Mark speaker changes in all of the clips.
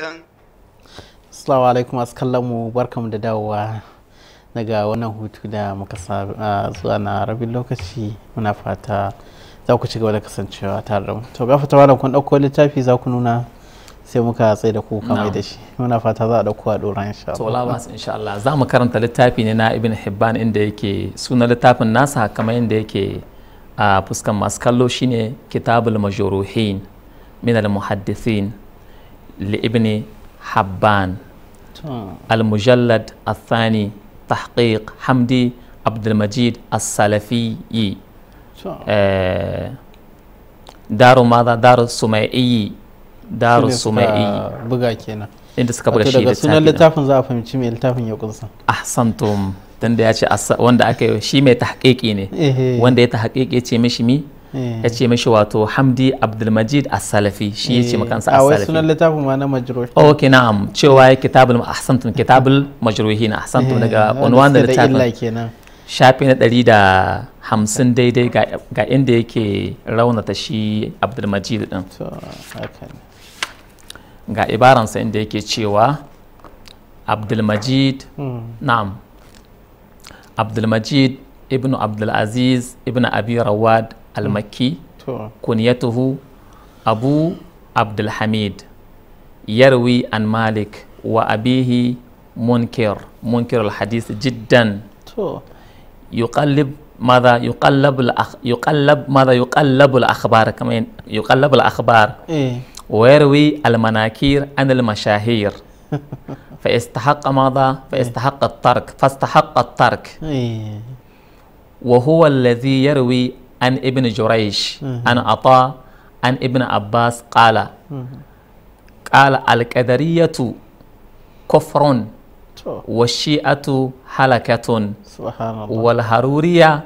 Speaker 1: da Assalamu alaikum masu kallon mu barkamu da dawowa daga wannan hutu da muka zuwa na rabin lokaci muna fata za ku ci gaba da kasancewa tare da mu to gafata wannan kun ɗauko littafi za ku nuna sai muka tsaye da ku kamar da shi muna fata za a dauko a dora insha Allah to labas
Speaker 2: insha Allah za mu karanta littafi ne na Ibn Hibban inda yake suna littafin nasa kamar yanda yake a fuskan masu kallo shine Kitabul Majruhin min al-Muhaddithin لابن habban al-mujallad تحقيق حمدي عبد hamdi abdulmajid دار ماذا daru السمائي daru السمائي
Speaker 1: بغاكينا buga inda suka buga shi daga sunan littafin za a fahimci mai littafin ya kunsa
Speaker 2: ahsantum tunda ya ce wanda aka yi shi mai tahqiqi ne wanda ya tahqiqi ya ce mishi mi Eh. ya ce mishi wato hamdi abdulmajid as-salafi shi ya ce makansa eh. as-salafi a wasu
Speaker 1: sunan littafin ma na majruhi oh,
Speaker 2: ok na'am cewa ya kitabul ahsantum kitabul majruhi na ahsantum daga eh, unwan da littafin shafi na ɗari da hamsin daidai ga inda yake raunata shi abdulmajid din ga ibaransa inda yake cewa abdulmajid hmm. na'am abdulmajid ibn abdulaziz ibn abi rawad المكي كنيته أبو عبد الحميد يروي عن مالك وأبيه منكر منكر الحديث جدا يقلب ماذا يقلب الأخ... يقلب ماذا يقلب الأخبار كمان يقلب الأخبار إيه. ويروي المناكير عن المشاهير فاستحق ماذا فاستحق الترك فاستحق الترك إيه. وهو الذي يروي an ibn Juraish an Ata an ibn Abbas qala qala al-qadariyatu kufrun wa shi'atu halakatun wal haruriya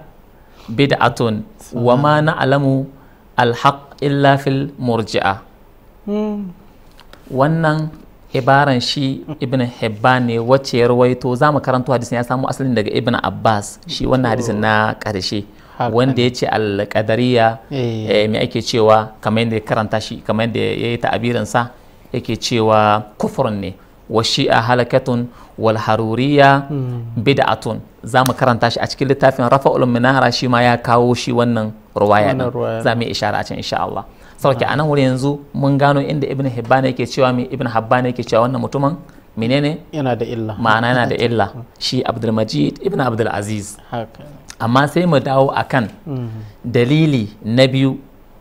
Speaker 2: bid'atun wa ma na'lamu al-haq illa fil murji'a wannan ibaran shi ibn hibban ne wacce ya rawaito za mu karanto hadisin ya samu asalin daga ibn abbas shi wannan hadisin na ƙarshe wanda ya ce alƙadariya
Speaker 1: eh. eh, me
Speaker 2: ake cewa kamar yadda ya karanta shi kamar yadda ya yi ta'abirinsa yake cewa kufurin ne wa a halakatun wal haruriya hmm. bid'atun za mu karanta shi a cikin littafin rafa minara shi ma ya kawo shi wannan ruwaya din za mu yi ishara a can insha Allah sauke a nan wuri yanzu mun gano inda ibn hibban yake cewa ibn habban yake cewa wannan mutumin menene yana da illa ma'ana yana da illa shi abdulmajid ibn abdulaziz amma sai mu dawo akan mhm. dalili na biyu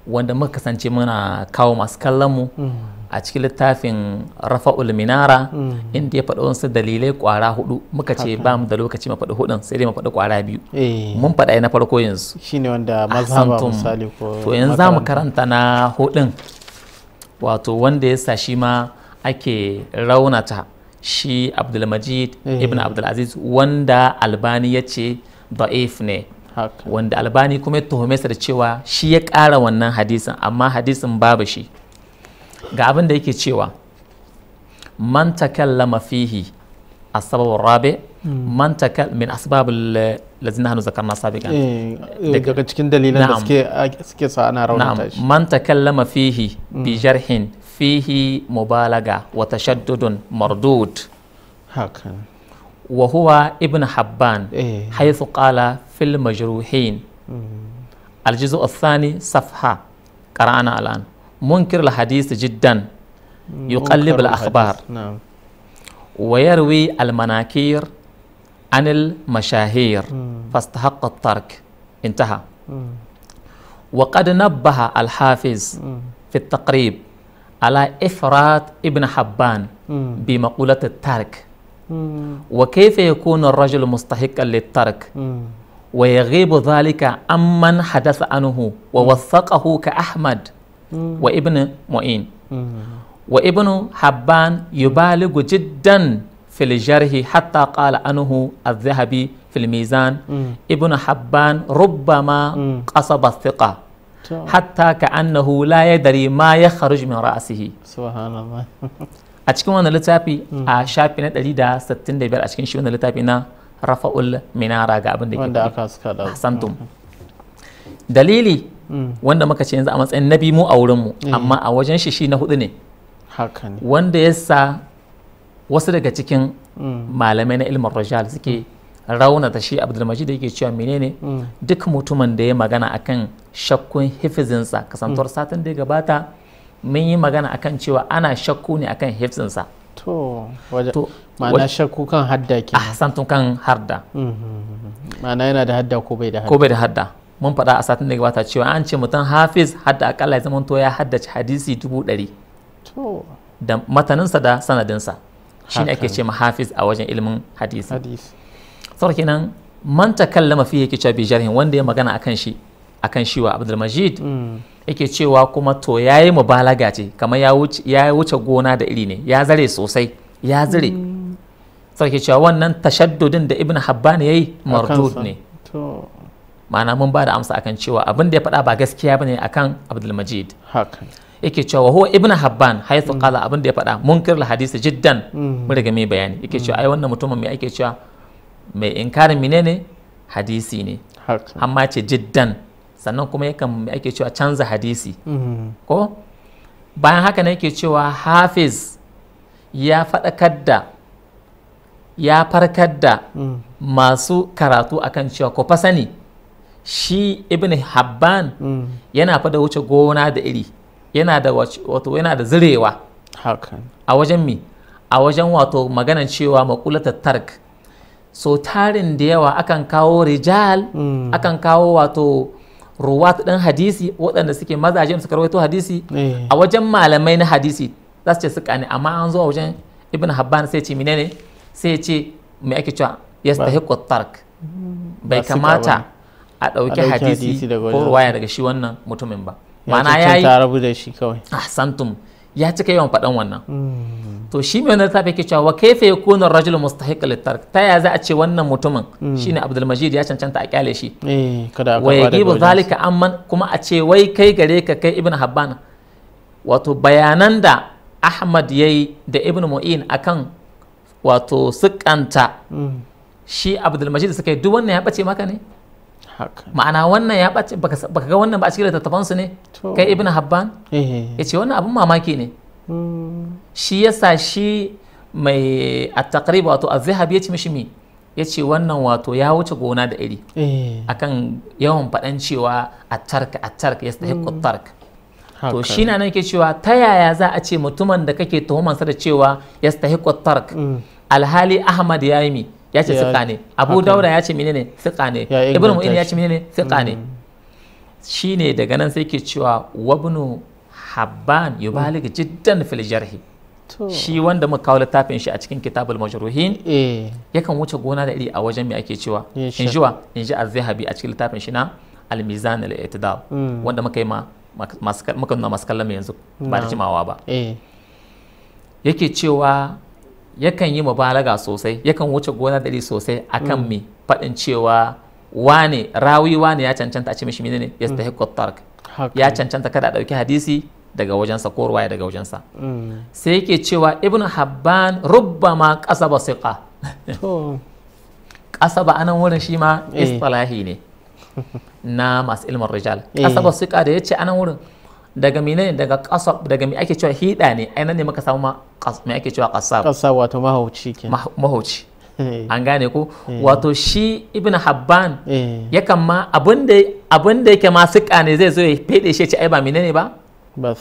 Speaker 2: wanda muka kasance muna kawo masu kallon mu mhm. a cikin littafin rafa'ul minara mhm. inda ya faɗi wasu dalilai ƙwara hudu muka ce ba mu da lokaci mafaɗi hudun sai dai mafaɗi ƙwara biyu eh. mun faɗa na farko yanzu shine wanda mazhaba misali ko to yanzu za mu karanta na hudun wato wanda ya sa shi ma ake raunata shi abdulmajid eh. ibn abdulaziz wanda albani ya ce da'if ne wanda albani kuma ya tuhume sa da cewa shi ya ƙara wannan hadisin amma hadisin babu shi ga abin da yake cewa man takallama fihi asbab rabi hmm. man takal min asbab lazina hanu zakarna sabiqan eh, eh, daga cikin dalilan da suke
Speaker 1: suke sa ana raunata shi
Speaker 2: man takallama fihi bi hmm. jarhin فيه مبالغة وتشدد مردود هكذا وهو ابن حبان إيه. حيث قال في المجروحين مم. الجزء الثاني صفحة قرأنا الآن منكر الحديث جدا يقلب الأخبار نعم. ويروي المناكير عن المشاهير مم. فاستحق الترك انتهى مم. وقد نبه الحافظ في التقريب على إفراد ابن حبان بمقولة الترك وكيف يكون الرجل مستحقا للترك ويغيب ذلك عمن حدث عنه ووثقه كأحمد
Speaker 1: وابن
Speaker 2: معين وابن حبان يبالغ جدا في الجرح حتى قال عنه الذهبي في الميزان ابن حبان ربما قصب الثقة hatta ka annahu la ya dari ma ya kharuj min ra'asihi a cikin wannan littafi hmm. a shafi na 165 a cikin shi wannan littafi na rafa'ul minara ga abin da ke wanda aka suka dalili hmm. wanda muka ce yanzu a matsayin nabi mu a wurin mu eh. amma a wajen shi shi na hudu ne wanda ya sa wasu daga cikin hmm. malamai na ilmin rajal suke raunata shi abdulmajid da yake cewa menene duk mutumin da ya magana akan shakkun hifizinsa kasantuwar mm. satin da gabata mun yi magana akan cewa ana shakku ne akan hifizinsa
Speaker 1: to ma'ana
Speaker 2: shakku kan hadda ke santun kan hadda mm-hmm, mm-hmm. ma'ana yana da hadda ko bai da hadda ko bai da hadda mun faɗa a satin da gabata cewa an ce mutum hafiz hadda akalla ya zama to ya haddace hadisi dubu ɗari da mataninsa da sanadinsa shi ne ake ce ma hafiz a wajen ilimin hadisi saboda kenan man takallama fi yake cewa bi jarhin wanda ya magana akan shi akan shiwa abdulmajid mm. yake cewa kuma to ya yi mubalaga ce kamar ya wuce gona da iri ne ya zare sosai ya zare mm. sarki cewa wannan tashaddudin da ibn habban ya yi mardud ne ma'ana mun ba da amsa akan cewa abin da ya fada ba gaskiya bane akan abdulmajid yake cewa huwa ibn habban haythu mm. qala abin da ya faɗa munkir hadisi jiddan mun riga mai bayani yake cewa ai wannan mutumin mai ake cewa mai inkarin menene hadisi ne amma ce jiddan sannan kuma yakan ake cewa canza hadisi mm-hmm. ko bayan haka ne yake cewa hafiz ya faɗakar da ya farkar da mm. masu karatu akan cewa ko fasani shi ibn habban mm. yana fada wuce gona da iri yana da wato yana da zirewa a wajen mi a wajen wato maganan cewa makulata tark so tarin da yawa akan kawo rijal mm. akan kawo wato ruwat ɗin hadisi waɗanda suke mazajen suka rawaito hadisi eh. a wajen malamai na hadisi za su ce suka ne amma an a wajen ibn habban sai ce menene sai ce me ake cewa yastahiqu tark bai kamata a ɗauki hadisi ko ruwaya daga shi wannan mutumin ba ma'ana yayi ya yi da shi ya cika yawan faɗan wannan hmm. to shi mai wannan tafi yake cewa wa kai ya kuna rajul mustahiq littark ta ya za a ce wannan mutumin hmm. shine Abdul Majid ya cancanta a kyale shi eh, wa ya yajibu zalika amman kuma a ce wai kai gare ka kai Ibn Habban wato bayanan da Ahmad ya yi da Ibn Mu'in akan wato sukanta hmm. shi Abdul Majid suka yi duk wannan ya bace maka ne ma'ana wannan ya ɓace baka ga wannan ba a cikin littattafan su ne kai ibn habban eh. ya ce wannan abin mamaki ne hmm. shi ya sa shi mai a taqrib wato az-zahabi ya ce mishi mi ya ce wannan wato ya wuce gona da iri eh. kan yawan faɗan cewa at-tark at-tark hmm. tarka to shi na nan ke cewa ta yaya za a ce mutumin da kake tuhumansa da cewa yastahiqqu at-tark hmm. alhali ahmad ya yi ya ce siƙa ne abu dauda ya ce mine ne siƙa ne ibn mu'in ya ce mine ne siƙa ne mm. shine daga nan sai ke cewa wabnu habban yubalig jiddan fil jarhi shi wanda muka kawo littafin shi a cikin kitabul majruhin eh. yakan wuce gona da iri a wajen mai ake cewa in wa in ji az a cikin littafin shi na al-mizan al-i'tidal mm. wanda muka yi ma muka nuna masu kallon yanzu ba da jimawa ba eh. yake cewa yakan yi mubalaga sosai yakan wuce gona dari sosai akan mm. me faɗin cewa wane rawi wane ya cancanta a ce mishi mm. ne ya stahiqu tark ya cancanta kada a ɗauki hadisi daga wajensa ko ruwaya daga wajensa mm. sai yake cewa ibn habban ba kasaba ƙasa ba anan wurin shi ma eh. istalahi ne na masu ilmin rijal ƙasa eh. ba siqa da ya ce anan wurin daga mine daga qasab daga me ake cewa hida ne ainihin ne maka samu mai ake cewa qasab qasab wato mahauci ke mahauci eh. an gane ko eh. wato shi ibn habban eh. yakan ma abin da yake ma siƙa ne zai zo ya fede shi ce ai ba mine ne ba ba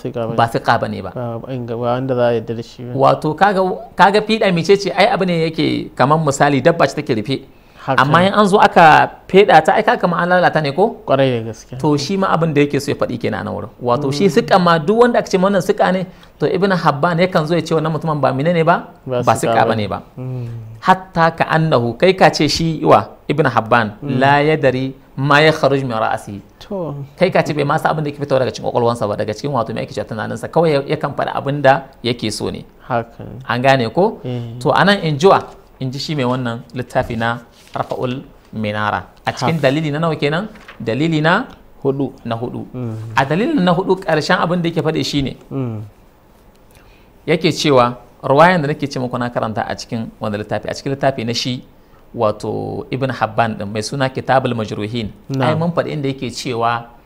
Speaker 2: ka ba ne
Speaker 1: ba wanda za a yadda da shi wato
Speaker 2: kaga fiɗa ce ce ai abu ne yake kamar misali dabba ce take rufe amma in an zo aka feda ta aika kama an lalata ne ko kwarai da gaske to shi ma abin da yake so ya faɗi kenan na wurin wato shi hmm. suka ma duk wanda aka ce wannan suka ne to ibn habban yakan zo ya ce wannan mutumin ba mine ne ba ba ba ne ba hmm. hatta ka annahu kai ka ce shi wa ibn habban hmm. la yadari ma ya kharuj min ra'asi kai ka ce bai sa abin da yake fitowa daga cikin kwakwalwansa ba daga cikin wato mai yake cewa tunaninsa kawai yakan faɗi abin da yake so ne an gane ko eh. to anan in jiwa in ji shi mai wannan littafi na rafa'ul minara a cikin dalili na nawa kenan dalili na hudu na hudu mm. a dalilin na hudu karshen abin da yake faɗi shine mm. yake cewa ruwayan da nake ce muku na karanta a cikin wanda littafi a cikin littafi na shi wato ibn habban din mai suna kitabul majruhin ai mun faɗi inda yake cewa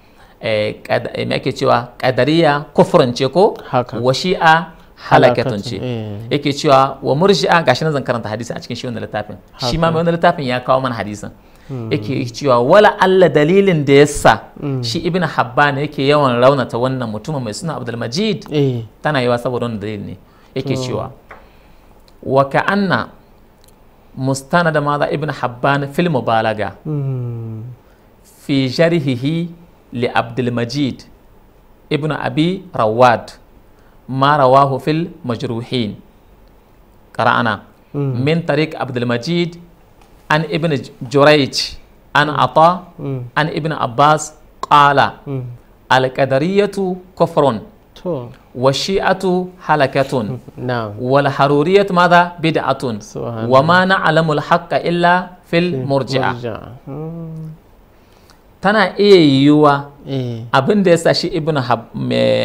Speaker 2: eh, eh, me ake cewa qadariya ce ko wa shi'a halakatun ce eh. yake cewa wa murji'a gashi nan zan karanta hadisin a cikin shi wannan littafin shi ma mai wannan littafin ya kawo mana hadisin hmm. yake cewa wala Allah dalilin da ya hmm. shi ibn habban yake yawan raunata wannan mutumin mai suna abdul majid eh. tana yawa saboda wannan dalilin ne yake hmm. cewa wa ka'anna mustana da maza ibn habban fil mubalaga fi jarhihi li abdul majid abi rawad marawahu fil majruhin qara'ana min tariq abdul majid an ibn jurayj an ata an ibn abbas qala al qadariyatu kufrun والشيعة هلكة والحرورية Wa ma وما نعلم الحق illa fil murji'a tana iya yiwuwa abin da ya sashi shi ibn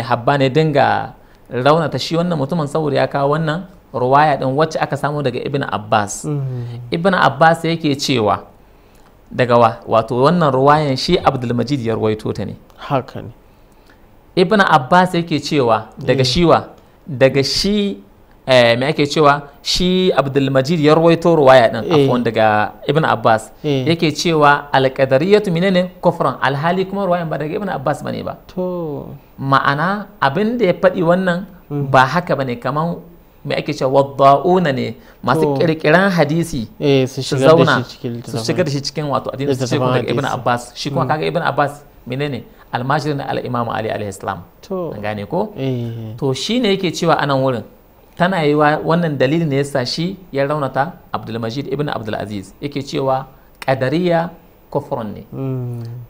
Speaker 2: habban ne dinga raunata shi wannan mutumin saboda ya kawo wannan ruwaya din wacce aka samu daga ibn abbas mm-hmm. ibn abbas yake cewa daga wa wato wannan ruwayan shi abdulmajid ya ruwaito ta ne ne ibn abbas yake cewa daga mm. shiwa daga shi eh, me ake cewa shi abdulmajid ya rawaito ruwaya din eh. afwan daga ibn abbas eh. yake cewa alqadariyatu menene kufran alhali kuma ruwayan ba daga ibn abbas bane ba
Speaker 1: to
Speaker 2: ma'ana abin da ya faɗi wannan hmm. ba haka bane kaman me ake cewa wadda'una ne masu kirkiran hadisi eh, su zauna su shiga da shi cikin wato addinin su ce daga ibn abbas shi kuma hmm. kaga ibn abbas menene almajirin al-imamu ali alaihi salam to gane ko to shine yake cewa anan wurin tana yi wa wannan dalilin ne yasa shi ya raunata abdulmajid ibn abdulaziz yake cewa kadariya kufrun ne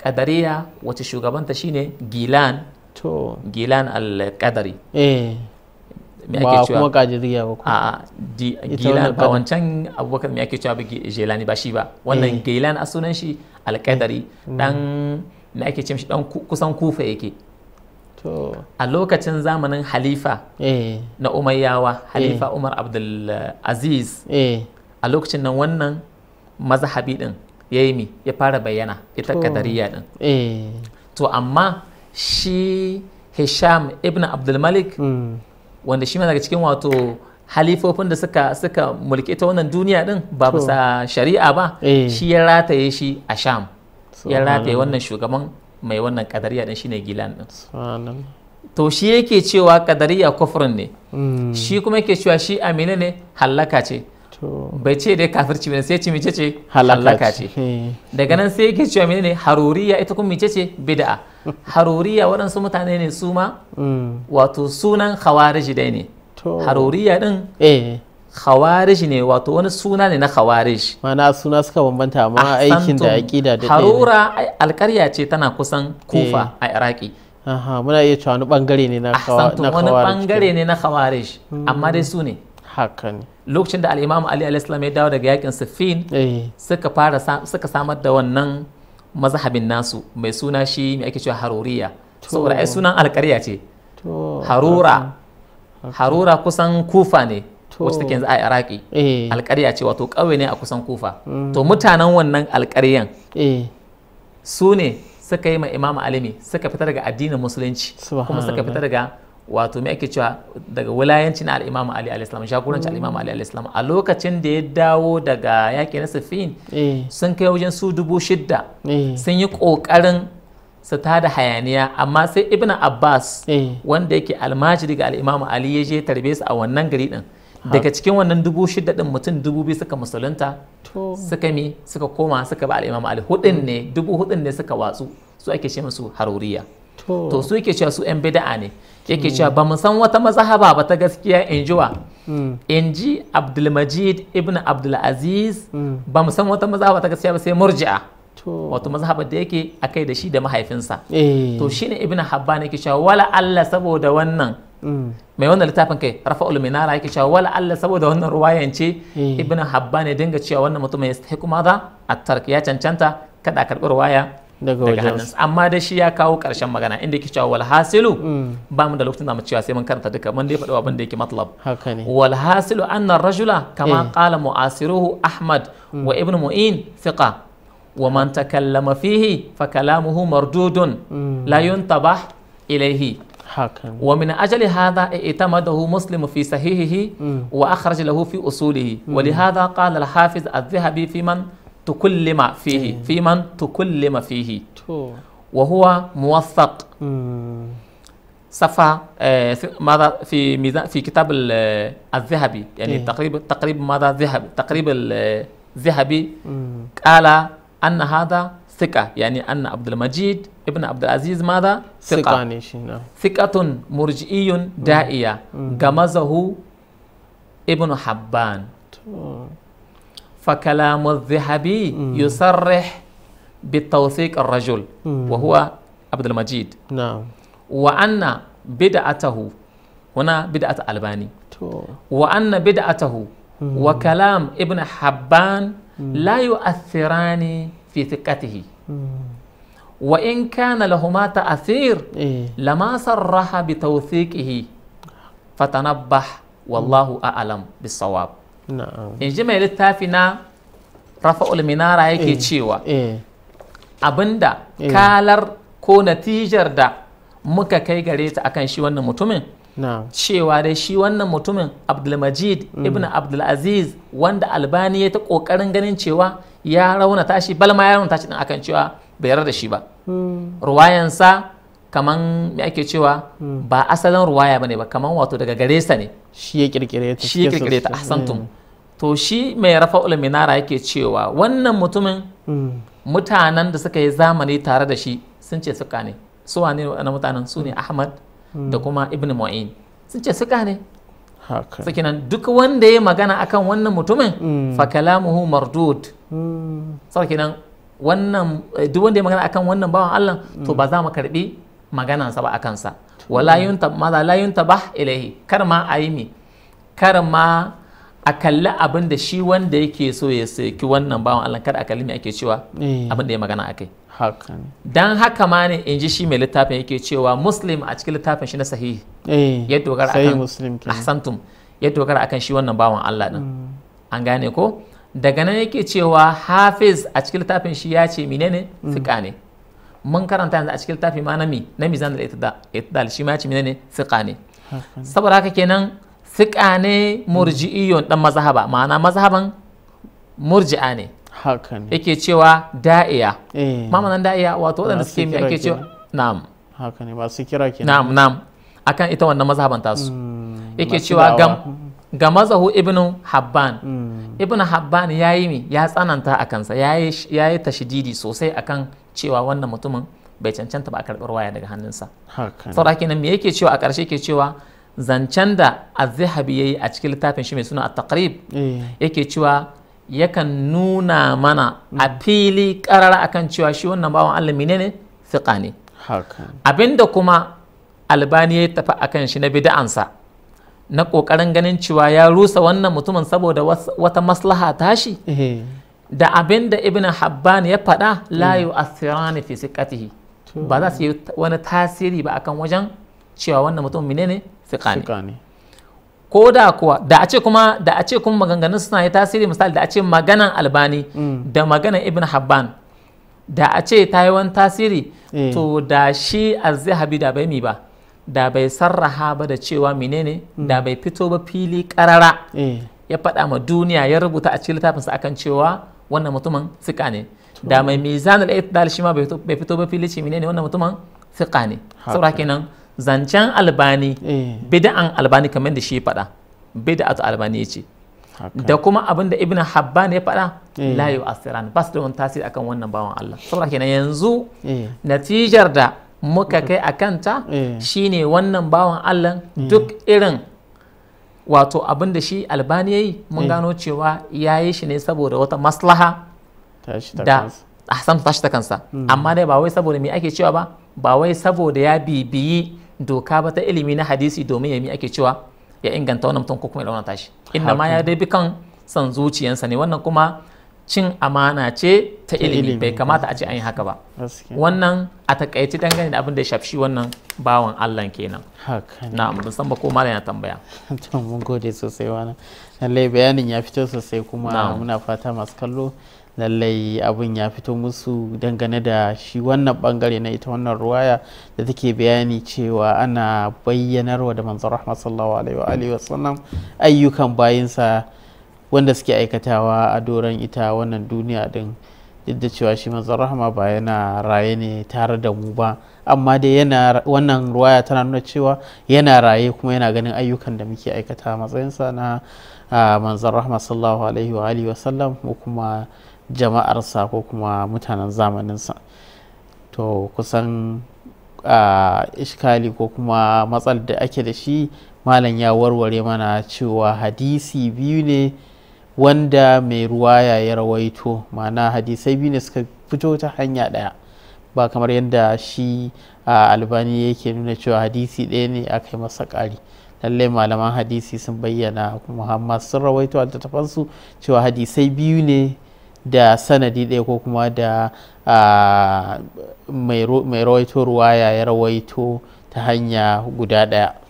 Speaker 2: kadariya hmm. wace shugabanta shine gilan to gilan al-qadari
Speaker 1: eh. ba kuma
Speaker 2: kadiriya ba a gilan ba wancan abubakar me ake cewa gilani ba shi ba wannan eh. gilan a sunan shi al-qadari hmm. dan me ake cewa shi dan kusan kufa yake a lokacin zamanin halifa eh. na umayyawa halifa eh. umar abdulaziz eh. a lokacin nan wannan mazhabi din ya yi mi ya fara bayyana ita kadariya din to amma shi hisham ibn abdulmalik hmm. wanda shi ma daga cikin wato halifofin da suka suka mulki ta wannan duniya din ba bisa shari'a ba shi ya rataye shi a sham ya rataye wannan shugaban mai wannan kadariya din shine gilan din to shi yake cewa kadariya kufrin ne
Speaker 1: hmm. shi
Speaker 2: kuma yake cewa shi amina ne hallaka ce bai ce dai kafirci bane sai ce mice ce halaka ce daga nan sai yake cewa ne haruriya ita kuma mice ce bid'a haruriya waɗansu mutane ne su ma hmm. wato sunan khawarij dai ne haruriya din eh. khawarij ne wato wani suna ne na khawarij mana suna suka bambanta amma aikin da aqida da harura alƙarya ce tana kusan kufa eh. a iraki aha
Speaker 1: muna iya cewa wani bangare ne na
Speaker 2: khawarij wani bangare ne na khawarij amma dai su ne haka ne lokacin da al-imam ali alaihissalam ya dawo daga yakin siffin eh. suka fara suka samar da wannan mazhabin nasu mai suna shi mai ake cewa haruriya saboda ai sunan alƙarya ce
Speaker 1: harura
Speaker 2: harura kusan kufa ne wacce take yanzu a iraki eh. alƙarya ce wato ƙauye ne a kusan kufa hmm. to mutanen wannan alƙaryan eh. su ne suka yi ma imam alimi suka fita daga addinin musulunci
Speaker 1: kuma suka fita daga
Speaker 2: wato me ake cewa daga wilayanci na al'imamu ali alislam jagoranci hmm. al'imamu ali alislam a lokacin da ya dawo daga yaƙi na sifin eh. sun kai wajen su dubu shidda sun yi ƙoƙarin su da hayaniya amma sai ibn abbas wanda yake almajiri ga al'imamu ali ya je tarbe su a wannan gari din daga cikin wannan dubu shida din mutum dubu biyu suka musulunta suka mi suka koma suka ba al'imam ali hudun ne dubu hudun ne suka watsu su ake ce musu haruriya to su yake cewa su yan bida'a ne yake hmm. cewa ba mu san wata mazhaba ba ta gaskiya in ji wa hmm. in ji abdulmajid ibn abdulaziz hmm. ba mu san wata mazhaba ta gaskiya ba sai murji'a wato mazhabar da yake akai da shi da mahaifinsa
Speaker 1: eh. to shine
Speaker 2: ibn habban yake cewa wala Allah saboda wannan mai wannan littafin kai rafa'ul minara yake cewa wala Allah saboda wannan ruwayan ce eh. ibn habba ya dinga cewa wannan mutum ya yastahiqu madha a tark ya cancanta kada karɓi ruwaya daga hannunsa amma da shi ya kawo ƙarshen magana inda yake cewa alhasilu. Hmm. ba mu da lokacin da mu cewa sai mun karanta duka mun dai faɗi abin da yake matlab wal hasilu anna rajula kama eh. qala mu'asiruhu ahmad hmm. wa ibn mu'in thiqa wa man takallama fihi fa kalamuhu mardudun hmm. la yuntabah ilayhi حاكم. ومن أجل هذا اعتمده مسلم في صحيحه وأخرج له في أصوله ولهذا قال الحافظ الذهبي في من تكلم فيه في من تكلم فيه وهو موثق صفحة آه، ماذا في ميزان في كتاب آه، الذهبي يعني تقريبا إيه. تقريبا ماذا ذهب تقريبا الذهبي آه، قال أن هذا ثقة يعني أن عبد المجيد ابن عبد العزيز ماذا؟ ثقة نعم. ثقة مرجئي دائية غمزه ابن حبان فكلام الذهبي يصرح بتوثيق الرجل وهو عبد المجيد نعم وأن بدعته هنا بدعة ألباني وأن بدعته وكلام ابن حبان لا يؤثران fi thiqatihi wa in kana lahuma ta'athir lama sarraha bi tawthiqihi fatanabbah wallahu a'lam bis-sawab in ji mai littafi na rafa'ul minara yake cewa abinda kalar ko natijar da muka kai gareta ta akan shi wannan mutumin cewa dai shi wannan mutumin abdulmajid ibn abdulaziz wanda albani ya ta kokarin ganin cewa ya rauna tashi bal ma ya rauna tashi din akan cewa bai yarda da shi ba hmm. ruwayansa kaman me ake cewa hmm. ba asalin ruwaya bane ba kaman wato daga gare sa ne shi ya kirkire ta shi ya kirkire ta ahsantum hmm. to shi mai rafa'ul minara yake cewa wannan mutumin mutanen da suka yi zamani tare da shi sun ce suka ne su wane na mutanen su ne ahmad da kuma ibn mu'in sun ce suka ne sakinan duk wanda ya magana akan wannan mutumin fa kalamuhu mardud sau kenan wannan eh, duk wanda ya magana akan wannan bawan Allah to ba za mu karbi maganansa ba a kansa. wala yunta maza la yunta bah ilaihi kar ma a yi mi kar ma a kalli abin da shi wanda yake so ya saki wannan bawan Allah kar a kalli me ake cewa eh. abin da ya magana akai dan haka ma ne in ji shi mai littafin yake cewa muslim a cikin littafin shi na sahihi eh, ya dogara akan ahsantum ya dogara akan shi wannan bawan Allah din hmm. an gane ko daga nan yake cewa hafiz a cikin littafin shi ya ce menene mm. fiƙa ne mun karanta yanzu a cikin littafi ma na mi na mizan da itidal shi ma ya ce menene fiƙa ne saboda haka kenan fiƙa ne murji'iyyun dan mazhaba ma'ana mazhaban murji'a ne ne yake cewa da'iya eh. mamanan da'iya wato waɗanda suke mi ake cewa na'am haka ne ba su kira kenan na'am na'am akan ita wannan mazhaban tasu hmm, yake cewa gam ga mazahu ibnu habban mm. ibnu habban ya yi mi ya tsananta a kansa ya yi tashididi sosai akan cewa wannan mutumin bai cancanta ba a karɓar waya daga hannunsa saboda kenan me yake cewa a ƙarshe ke cewa zancen da azhabi ya yi a cikin littafin shi mai suna a taqrib eh. yake cewa yakan nuna mana a mm. fili karara akan cewa shi wannan bawan ne ne fiƙa ne abinda kuma albani ya tafi akan shi na bida'ansa na ƙoƙarin ganin cewa ya rusa wannan mutumin saboda wata maslaha tashi eh. da abin da ibn habban ya faɗa layu eh. asirani fi siqatihi ba za su yi wani tasiri ba akan wajen cewa wannan mutum menene ne. ko da kuwa da a ce kuma da a ce kuma maganganun suna yi tasiri misali da a ce maganan albani mm. da maganan ibn habban da a ce ta yi wani tasiri eh. to da shi azzahabi da bai mi ba da bai sarraha ba da cewa menene mm. da bai fito ba fili karara eh. ya faɗa ma duniya ya rubuta a cikin littafinsa akan cewa wannan mutumin tsika ne da mai mizanul itdal shi ma bai fito ba fili ce menene wannan mutumin tsika ne saboda kenan zancen albani eh. bid'an albani kamar da shi faɗa bid'atu albani ce da kuma abin da ibn habban ya faɗa eh. la yu'asiran ba su da wani tasiri akan wannan bawan Allah saboda kenan yanzu natijar da muka kai a kanta eh. Shi ne wannan bawan allah eh. duk irin wato abin da shi albani ya yi mun eh. gano cewa ya yi shi ne saboda wata maslaha da ahsan tashi ta kansa hmm. amma dai ba wai saboda me ake cewa ba ba wai saboda ya bibiyi doka ba ta ilimi na hadisi domin ya mi ake cewa ya inganta wannan mutum ko kuma ya launa tashi inda ma ya dai bi kan san zuciyansa ne wannan kuma cin amana ce ta ilimi bai kamata a ce an yi haka ba wannan a takaici dangane da abin da ya shi wannan bawan
Speaker 1: Allah kenan na mun san ko malam ya tambaya to mun gode sosai wani lallai bayanin ya fito sosai kuma muna fata masu kallo lallai abin ya fito musu dangane da shi wannan bangare na ita wannan ruwaya da take bayani cewa ana bayyanarwa da manzon rahmatullahi ayyukan bayinsa wanda suke aikatawa a doron ita wannan duniya din duk da cewa shi manzon rahama ba yana raye ne tare da mu ba amma dai yana wannan ruwaya tana nuna cewa yana raye kuma yana ganin ayyukan da muke aikata matsayinsa na manzon rahama sallallahu alaihi wa alihi wasallam ko kuma jama'arsa ko kuma mutanen zamaninsa to kusan Ishkali ko kuma matsal da ake da shi malam ya warware mana cewa hadisi biyu ne wanda mai ruwaya ya rawaito ma'ana hadisai biyu ne suka fito ta hanya ɗaya ba kamar yadda shi a albani yake nuna cewa hadisi ɗaya ne aka yi masa ƙari lallai malaman hadisi sun bayyana muhammad sun rawaito a cewa hadisai biyu ne da sanadi ɗaya ko kuma da mai rawaito ruwaya ya rawaito ta hanya guda ɗaya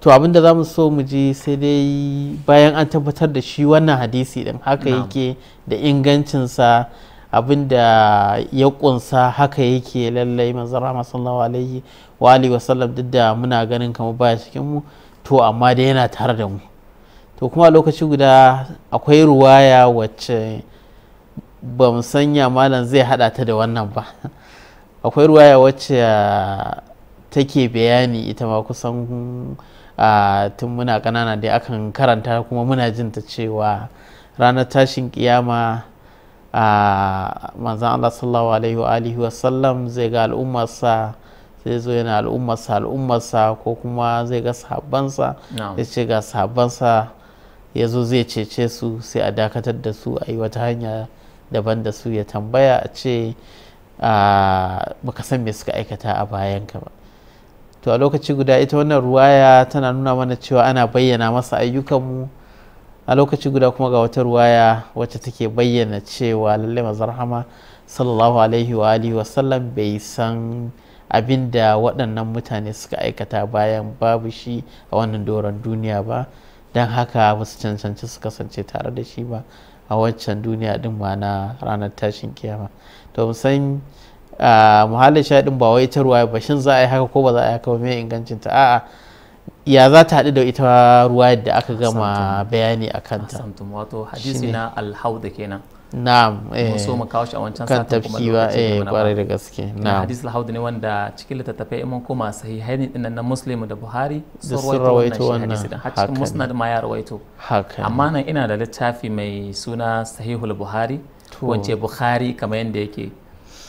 Speaker 1: to abin da za mu so mu je sai dai bayan an tabbatar da shi wannan hadisi din haka yake da ingancinsa abin da ya kunsa haka yake lallai manzara masu alaihi wa alihi wasallam duk da muna ganin kamar baya cikin mu to amma dai yana tare da mu to kuma lokaci guda akwai ruwaya wacce ba mu sanya malam zai hada ta da wannan ba akwai ruwaya wacce take bayani ita ma kusan tun muna kanana dai akan karanta kuma muna jin ta cewa ranar tashin kiyama a manzan Allah sallallahu alaihi wa alihi zai ga al'ummarsa zai zo yana al'ummarsa al'ummarsa ko kuma zai ga sahabbansa ya ce ga sahabbansa ya zo zai cece su sai a dakatar da su a yi wata hanya daban da su ya tambaya a ce baka san me suka aikata a bayanka ba to a lokaci guda ita wannan ruwaya tana nuna mana cewa ana bayyana masa ayyukanmu a lokaci guda kuma ga wata ruwaya wacce take bayyana cewa lallai mazarhama sallallahu alaihi wa alihi wa sallam bai san abin da waɗannan mutane suka aikata bayan babu shi a wannan doron duniya ba don haka ba su cancanci su kasance tare da shi ba a waccan duniya din ma na ranar tashin kiyama to san muhallin shaɗin ba wai ita ruwa ba shin za a yi haka ko ba za a yi haka ba mai ingancinta a'a ya za ta haɗu da ita ruwa yadda aka gama bayani a kanta wato hadisi na
Speaker 2: alhauda kenan na'am eh so mu kawo shi a wancan kan tafki ba eh kwarai da gaske na'am hadisi al ne wanda cikin littattafai imam kuma sahihaini din nan muslim da buhari sun rawaito wannan hadisi din cikin musnad ma ya rawaito haka amma nan ina da littafi mai suna sahihul buhari wance buhari kamar yanda yake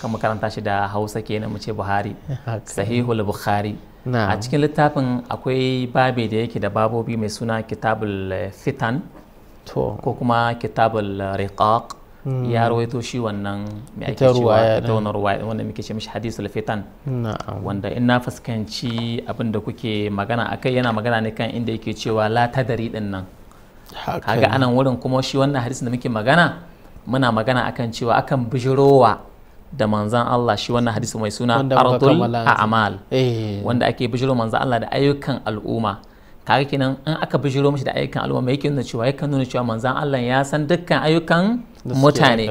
Speaker 2: kan makaranta shi da hausa kenan mu ce buhari sahihul bukhari a cikin littafin akwai babi da yake da babobi mai suna kitabul eh, fitan ko kuma kitabul eh, riqaq hmm. ya rawaito shi wannan mai ake cewa ita wannan ruwa wanda muke ce mishi hadisul fitan wanda in na fuskanci abinda kuke magana akai yana magana ne kan inda yake cewa la tadari din nan kaga anan wurin kuma shi wannan hadisin da muke magana muna magana akan cewa akan bijirowa da manzan Allah shi wannan hadisi mai suna ardul a'mal eh. wanda ake bijiro manzan Allah da ayyukan al'umma kaga kenan in aka bijiro mishi da ayyukan al'umma mai yake nuna cewa yakan nuna cewa manzan Allah ya san dukkan ayyukan mutane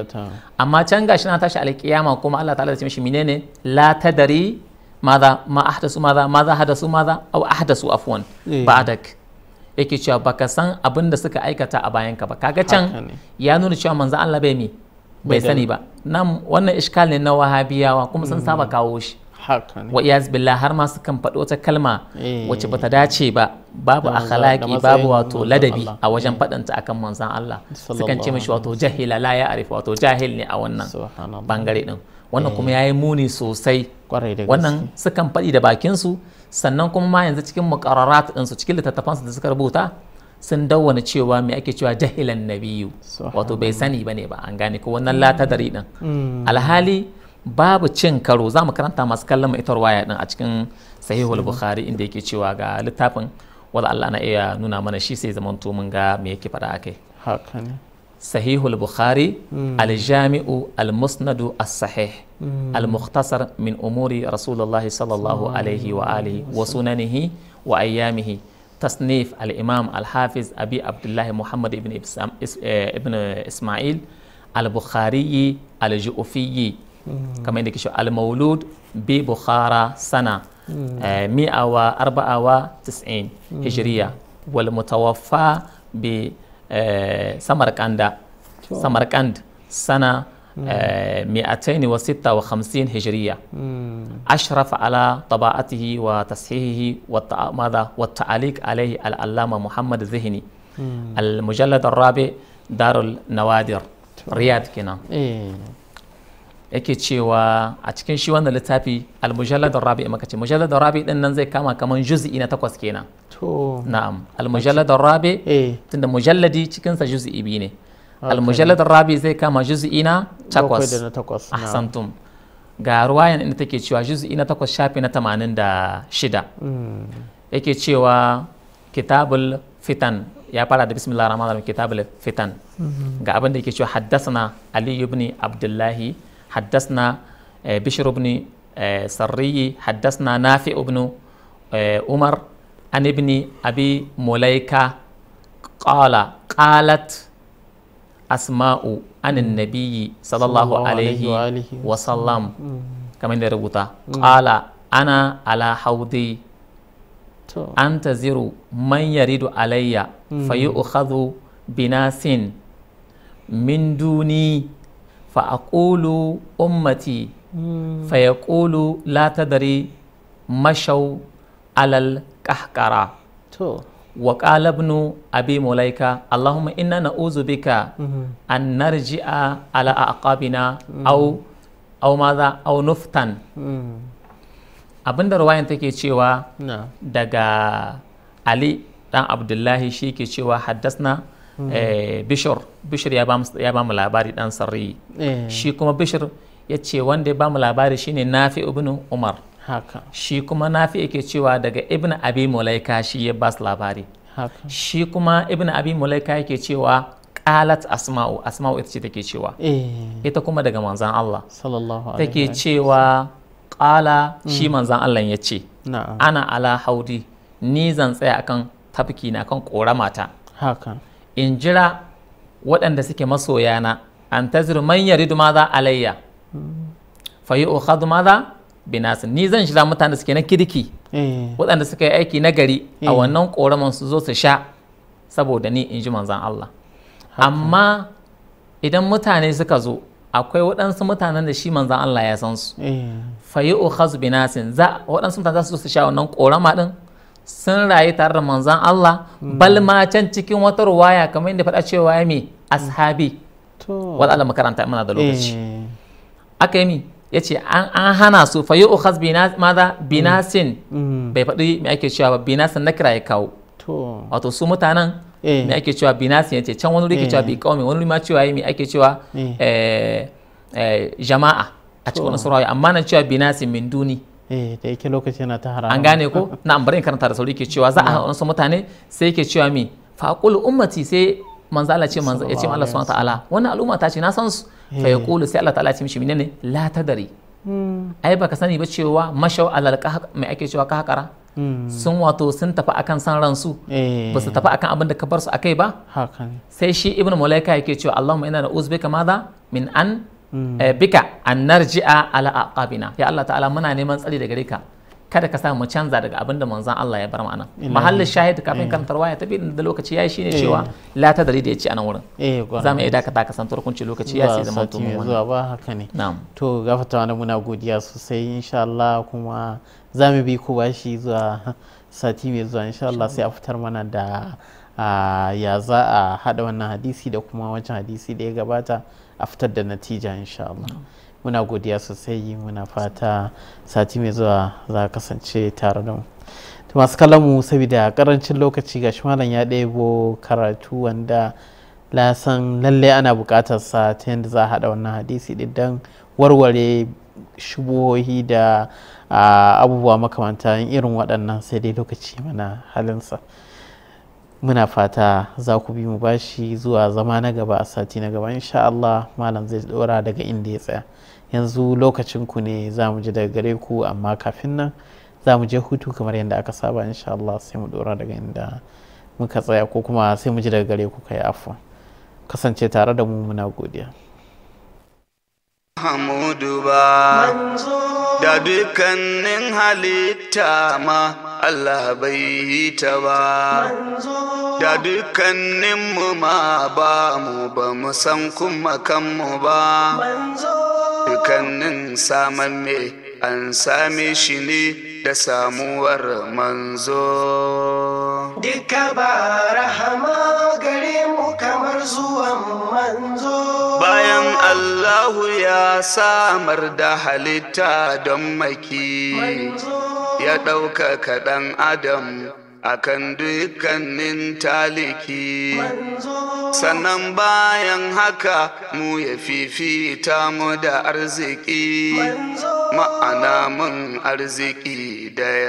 Speaker 2: amma can gashi na tashi alƙiyama kuma Allah ta'ala ya ce mishi menene la tadari maza ma ahdasu maza maza hadasu maza aw ahdasu afwan eh. ba'dak yake cewa baka san abin da suka aikata a bayan ka ba kaga can ya nuna cewa manzan Allah bai mi bai sani ba nan wannan iskal ne na wahabiyawa kuma sun saba mm. kawo shi wa iyaz billah har ma sukan faɗi wata kalma eh. wacce bata dace ba babu akhlaqi babu wato ladabi a wajen faɗanta akan manzon Allah sukan ce mishi wato jahila la ya wato jahil ne a wannan bangare din wannan kuma eh. yayi muni sosai wannan sukan faɗi da bakin su sannan kuma ma yanzu cikin muqarrarat din su cikin littattafan da suka rubuta sun dawwana cewa mai ake cewa jahilan nabiyu wato bai sani bane ba an gane ko wannan latadari din mm. alhali babu cin karo za mu karanta masu kallon ita waya din a cikin sahihul bukhari inda yake cewa ga littafin wala Allah na iya nuna mana shi sai zaman mun ga me yake faɗa akai haka ne sahihul bukhari mm. al almusnadu as-sahih mm. al-mukhtasar min umuri rasulullahi sallallahu alaihi wa alihi wa sunanihi wa ayyamihi تصنيف الإمام الحافظ أبي عبد الله محمد بن آه، ابن إسماعيل البخاري الجوفي كما عندك شو المولود ببخارى سنة 194 آه، هجرية والمتوفى بسمرقند آه، سمرقند سنة 256 آه، هجرية أشرف على طباعته وتصحيحه والتعليق عليه الألامة محمد الذهني المجلد الرابع دار النوادر رياض كنا ايه و اتكن شي وانا لتافي المجلد الرابع ما كتي المجلد الرابع دين نان زي كما كمان جزء ان تقوس كينا تو نعم المجلد الرابع ايه تند مجلدي تكن سا جزء بيني almujallad rabi zai kama juz'i na takwas ahsantum ga ruwayan inda take cewa juz'i na takwas shafi na tamanin da shida hmm. yake cewa kitabul fitan ya fara da bismillah rahman rahim kitabul fitan hmm. ga abin da yake cewa haddasna ali ibn abdullahi haddasna eh, bishr ibn eh, sarriyi haddasna nafi ibn eh, umar an ibn abi mulaika qala qalat asma'u anin nabiyyi sallallahu alaihi wa sallam kamar da rubuta mm. ana ala haudi an ziru man yaridu alayya mm. fa yu'khadhu binasin min duni fa aqulu ummati
Speaker 1: mm. fa
Speaker 2: yaqulu la tadri mashau alal kahkara wa qalabnu abi mulaika allahumma inna na'uzu bika mm-hmm. an narji'a ala aqabina aw aw maza aw nuftan mm-hmm. abinda ruwayan take cewa daga ali dan abdullahi shi ke cewa haddasna mm-hmm. eh, bishir bishir ya ba mu labari dan sarri eh. shi kuma bishir ya ce wanda ya bamu labari shine nafi ibn umar shi kuma na fi yake cewa daga ibn abi mulaika shi ya bas labari shi kuma ibn abi mulaika yake cewa qalat asma'u asma'u ita ce take cewa eh. ita kuma daga manzan Allah take cewa qala shi mm. manzan Allah ya ce ana ala haudi ni zan tsaya akan tafki na kan ƙoramata in jira waɗanda suke masoyana an ma man yaridu maza alayya mm. fa yi ma maza Binasin ni zan shiga mutane suke na kirki eh. waɗanda suka yi aiki na gari a eh. wannan ƙoramar su zo su sha saboda ni in ji manzan Allah amma idan mutane suka zo akwai waɗansu mutanen da shi manzan Allah ya san su eh. fayi ukhaz binasin za waɗansu mutane za su zo su sha wannan ƙorama din sun rayu tare da manzan Allah hmm. balma can cikin wata ruwaya kamar inda faɗa cewa ya mi hmm. ashabi wadda makaranta muna da lokaci aka yi mi ya ce an hana su fa yi'u khas maza binasin mm. mm. bai faɗi mai ake cewa ba binasin na kira ya kawo wato su mutanen eh. mai ake cewa binasin ya ce can wani wuri ke cewa eh. bi wani wuri cewa mai ake cewa eh. jama'a a cikin wani surawi amma nan cewa binasin min duni da yake lokaci yana ta haramu an gane ko na an bari karanta da sauri ke cewa za a hana wasu mutane sai ke cewa me faqul ummati sai manzo Allah ce manzo ya ce Allah subhanahu wa ta'ala wannan al'umma ta ce na san su Eh. fa yaqulu sai Allah ta'ala ya ce mishi menene la tadari
Speaker 1: hmm.
Speaker 2: ai baka sani ba cewa mashaw alal mai ake cewa kahakara hmm. sun wato sun tafi akan san ransu eh. ba su tafi akan abin da ka bar su akai ba sai shi ibnu malaika yake cewa Allahumma inna na'uzbika madha min an hmm. eh, bika an narji'a ala aqabina ya Allah ta'ala muna neman tsari daga gare ka kada ka sa mu canza daga abinda manzon Allah ya bar mu anan mahallin shahid kafin eh. kan tarwaya ta bin da lokaci yayi shine eh. cewa la ta dari da yace anan wurin
Speaker 1: eh, za mu iya dakata ka san turkunci lokaci ya sai zama tumu zuwa ba haka ne to gafata wani muna godiya sosai insha Allah kuma za mu bi ku bashi zuwa sati mai zuwa insha Allah sai a fitar mana da ya za a hada wannan hadisi da kuma wancan hadisi da ya gabata a fitar da natija insha Allah muna godiya sosai muna fata sati mai zuwa za kasance tare da mu to masu kallon mu saboda karancin lokaci ga shi malam ya ɗebo karatu wanda la san lallai ana buƙatar sa ta yadda za a haɗa wannan hadisi ɗin warware shubuhohi da ah, abubuwa makamantan irin waɗannan sai dai lokaci mana halinsa. muna fata za ku bi mu bashi zuwa zama na gaba a sati na gaba insha Allah malam zai dora daga inda ya tsaya yanzu lokacin ku ne za mu ji daga gare ku amma kafin nan za mu je hutu kamar yadda aka saba insha Allah sai mu dora daga inda muka tsaya ko kuma sai mu ji daga gare ku kai afwa kasance tare da mu muna godiya
Speaker 2: Hamudu ba da dukkanin halitta ma Allah bai yi ta ba da dukkaninmu ma ba mu ba mu san kuma kanmu ba dukkanin saman me an same shi ne da samuwar manzo
Speaker 1: duka ba rahama
Speaker 2: Allahu ya samar da halitta don maki ya ɗauka kaɗan adam akan dukkanin taliki
Speaker 1: sannan
Speaker 2: bayan haka mu ya fifita mu da arziki ma'ana mun arziki da